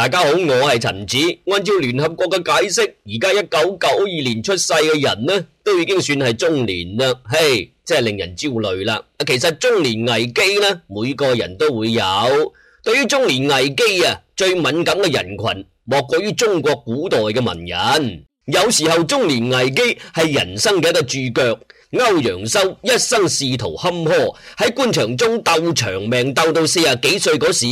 大家好，我係陳子。按照聯合國嘅解釋，而家一九九二年出世嘅人呢，都已經算係中年啦。嘿，真係令人焦慮啦。其實中年危機呢，每個人都會有。對於中年危機啊，最敏感嘅人群莫過於中國古代嘅文人。有時候中年危機係人生嘅一個注腳。歐陽修一生仕途坎坷，喺官場中鬥長命鬥到四十幾歲嗰時，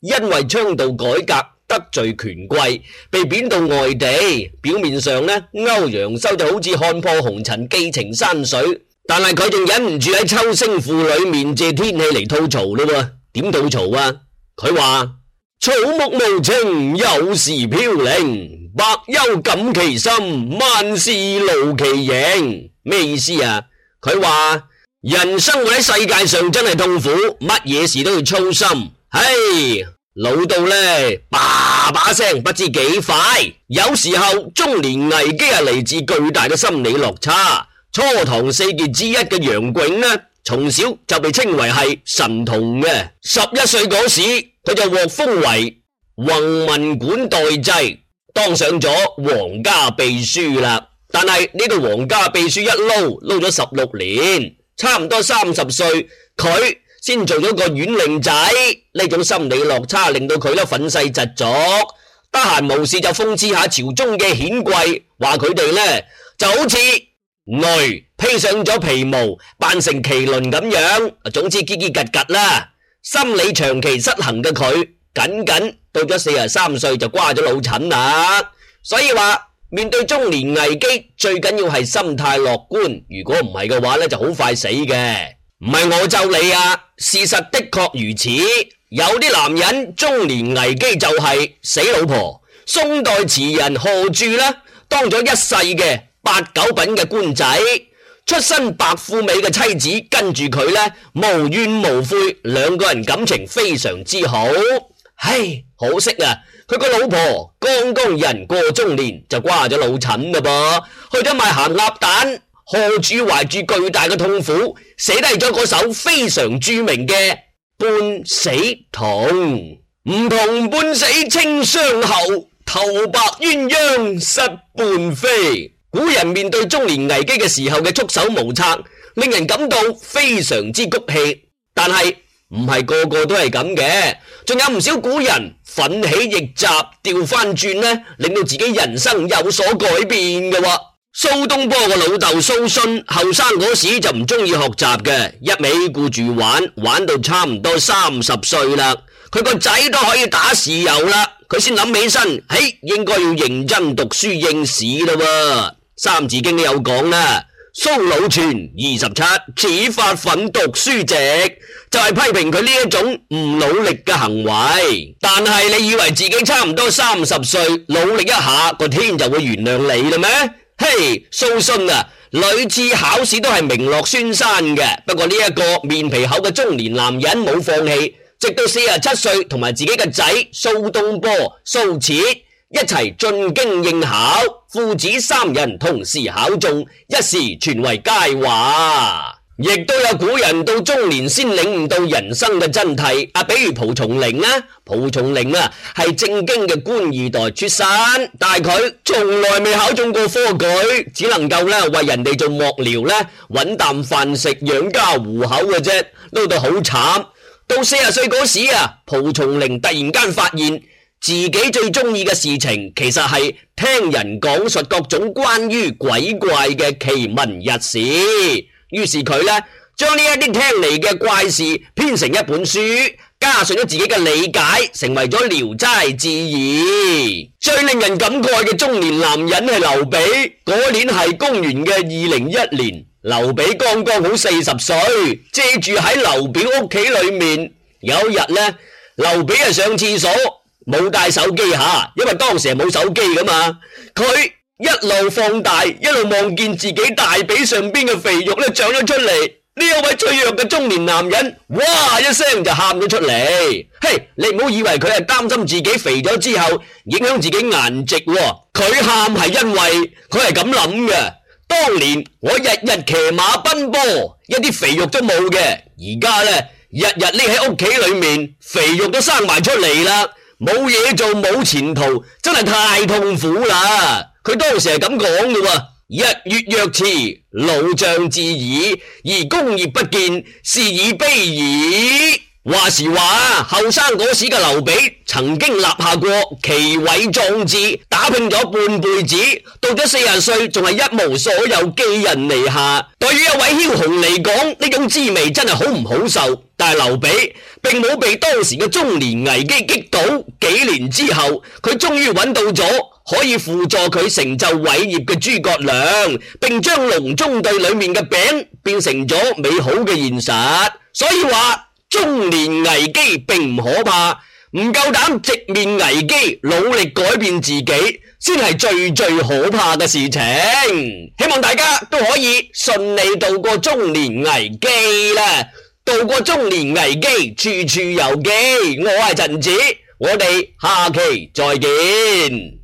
因為倡導改革。得罪權貴，被貶到外地。表面上呢，歐陽修就好似看破紅塵，寄情山水。但係佢仲忍唔住喺秋聲賦裏面借天氣嚟吐槽咯。點吐槽啊？佢話、啊、草木無情，有時飄零，百憂感其心，萬事勞其形。咩意思啊？佢話人生喺世界上真係痛苦，乜嘢事都要操心。嘿、hey,。老到呢，叭叭聲，不知幾快。有時候中年危機係嚟自巨大嘅心理落差。初唐四傑之一嘅楊炯呢，從小就被稱為係神童嘅。十一歲嗰時，佢就獲封為弘文館待制，當上咗皇家秘書啦。但係呢個皇家秘書一撈撈咗十六年，差唔多三十歲，佢先做咗個縣令仔，呢種心理落差令到佢咧憤世嫉俗，得閒無事就諷刺下朝中嘅顯貴，話佢哋呢就好似驢披上咗皮毛，扮成麒麟咁樣。總之，結結吉吉啦，心理長期失衡嘅佢，僅僅到咗四十三歲就瓜咗老襯啦。所以話，面對中年危機，最緊要係心態樂觀。如果唔係嘅話呢就好快死嘅。唔係我咒你啊！事實的確如此，有啲男人中年危機就係、是、死老婆。宋代詞人賀鑄呢？當咗一世嘅八九品嘅官仔，出身白富美嘅妻子跟住佢呢，無怨無悔，兩個人感情非常之好。唉，可惜啊，佢個老婆剛剛有人過中年就瓜咗老襯啦，噃去咗賣咸鴨蛋。賀鑄懷住巨大嘅痛苦，寫低咗嗰首非常著名嘅《半死桐》。梧桐半死清霜後，頭白鴛鴦失伴飛。古人面對中年危機嘅時候嘅束手無策，令人感到非常之谷氣。但係唔係個個都係咁嘅，仲有唔少古人奮起逆襲，調翻轉呢，令到自己人生有所改變嘅。蘇東坡個老豆蘇洵後生嗰時就唔中意學習嘅，一味顧住玩，玩到差唔多三十歲啦，佢個仔都可以打豉油啦，佢先諗起身，嘿，應該要認真讀書應試咯。《三字經》都有講啦，蘇老泉二十七始發憤讀書籍，就係、是、批評佢呢一種唔努力嘅行為。但係你以為自己差唔多三十歲，努力一下個天就會原諒你嘞咩？嘿，蘇洵、hey, 啊，屢次考試都係名落孫山嘅。不過呢一個面皮厚嘅中年男人冇放棄，直到四十七歲同埋自己嘅仔蘇東坡、蘇轍一齊進京應考，父子三人同時考中，一時傳為佳話。亦都有古人到中年先領悟到人生嘅真諦。啊，比如蒲松齡啊，蒲松齡啊，係正經嘅官二代出身，但係佢從來未考中過科舉，只能夠咧為人哋做幕僚呢，咧，揾啖飯食養家糊口嘅啫，嬲到好慘。到四十歲嗰時啊，蒲松齡突然間發現自己最中意嘅事情，其實係聽人講述各種關於鬼怪嘅奇聞逸事。於是佢咧將呢一啲聽嚟嘅怪事編成一本書，加上咗自己嘅理解，成為咗《聊齋志異》。最令人感慨嘅中年男人係劉備。嗰年係公元嘅二零一年，劉備剛剛好四十歲，借住喺劉表屋企裏面。有一日咧，劉備係上廁所，冇帶手機吓，因為當時係冇手機㗎嘛，一路放大，一路望見自己大髀上邊嘅肥肉呢長咗出嚟，呢一位脆弱嘅中年男人，哇一聲就喊咗出嚟。嘿，你唔好以為佢係擔心自己肥咗之後影響自己顏值喎，佢喊係因為佢係咁諗嘅。當年我日日騎馬奔波，一啲肥肉都冇嘅，而家呢，日日匿喺屋企裏面，肥肉都生埋出嚟啦，冇嘢做，冇前途，真係太痛苦啦！佢當時係咁講嘅喎，日月若馳，老將至矣；而功業不建，是以悲矣。話，話時話啊，後生嗰時嘅劉備曾經立下過奇偉壯志，打拼咗半輩子，到咗四十歲仲係一無所有，寄人籬下。對於一位梟雄嚟講，呢種滋味真係好唔好受。但係劉備並冇被當時嘅中年危機擊倒，幾年之後，佢終於揾到咗，可以輔助佢成就偉業嘅諸葛亮，並將隆中對裏面嘅餅變成咗美好嘅現實。所以話中年危機並唔可怕，唔夠膽直面危機，努力改變自己，先係最最可怕嘅事情。希望大家都可以順利度過中年危機啦！度過中年危機，處處有機。我係陳子，我哋下期再見。